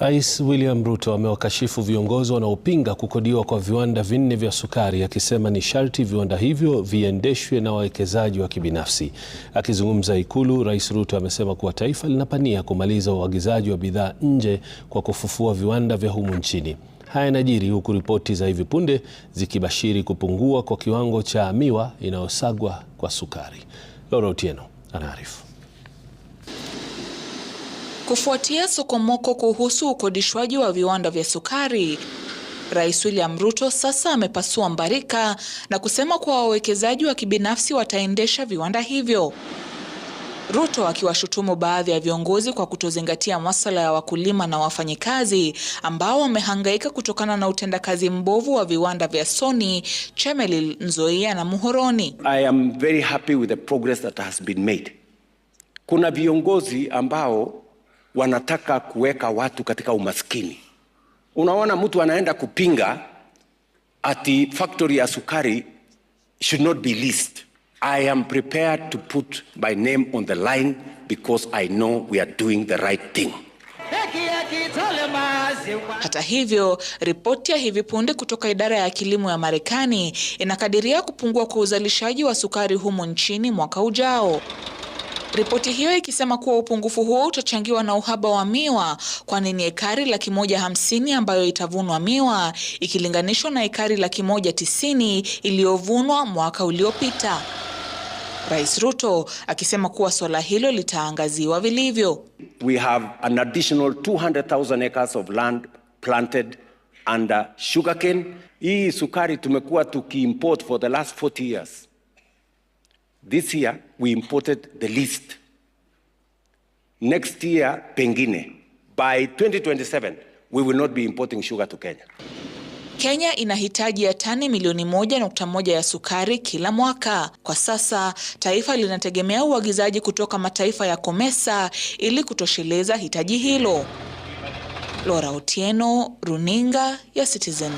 Rais William Ruto amewakashifu viongozi wanaopinga kukodiwa kwa viwanda vinne vya sukari akisema ni sharti viwanda hivyo viendeshwe na wawekezaji wa kibinafsi. Akizungumza Ikulu, Rais Ruto amesema kuwa taifa linapania kumaliza uagizaji wa bidhaa nje kwa kufufua viwanda vya humu nchini. Haya yanajiri huku ripoti za hivi punde zikibashiri kupungua kwa kiwango cha miwa inayosagwa kwa sukari. Loro Otieno anaarifu. Kufuatia sokomoko kuhusu ukodishwaji wa viwanda vya sukari, Rais William Ruto sasa amepasua mbarika na kusema kuwa wawekezaji wa kibinafsi wataendesha viwanda hivyo. Ruto akiwashutumu baadhi ya viongozi kwa kutozingatia masuala ya wakulima na wafanyikazi ambao wamehangaika kutokana na utendakazi mbovu wa viwanda vya Sony, Chemelil, Nzoia na Muhoroni. I am very happy with the progress that has been made. Kuna viongozi ambao wanataka kuweka watu katika umaskini. Unaona, mtu anaenda kupinga ati factory ya sukari should not be leased. I am prepared to put my name on the line because I know we are doing the right thing. Hata hivyo, ripoti ya hivi punde kutoka idara ya kilimo ya Marekani inakadiria kupungua kwa uzalishaji wa sukari humo nchini mwaka ujao. Ripoti hiyo ikisema kuwa upungufu huo utachangiwa na uhaba wa miwa, kwani ni ekari laki moja hamsini ambayo itavunwa miwa ikilinganishwa na ekari laki moja tisini iliyovunwa mwaka uliopita. Rais Ruto akisema kuwa swala hilo litaangaziwa vilivyo. We have an additional 200,000 acres of land planted under sugarcane. Hii sukari tumekuwa tukiimport for the last 40 years. This year, we imported the least. Next year, pengine. By 2027, we will not be importing sugar to Kenya. Kenya inahitaji ya tani milioni moja nukta moja ya sukari kila mwaka. Kwa sasa taifa linategemea uagizaji kutoka mataifa ya COMESA ili kutosheleza hitaji hilo. Laura Otieno, Runinga ya Citizen.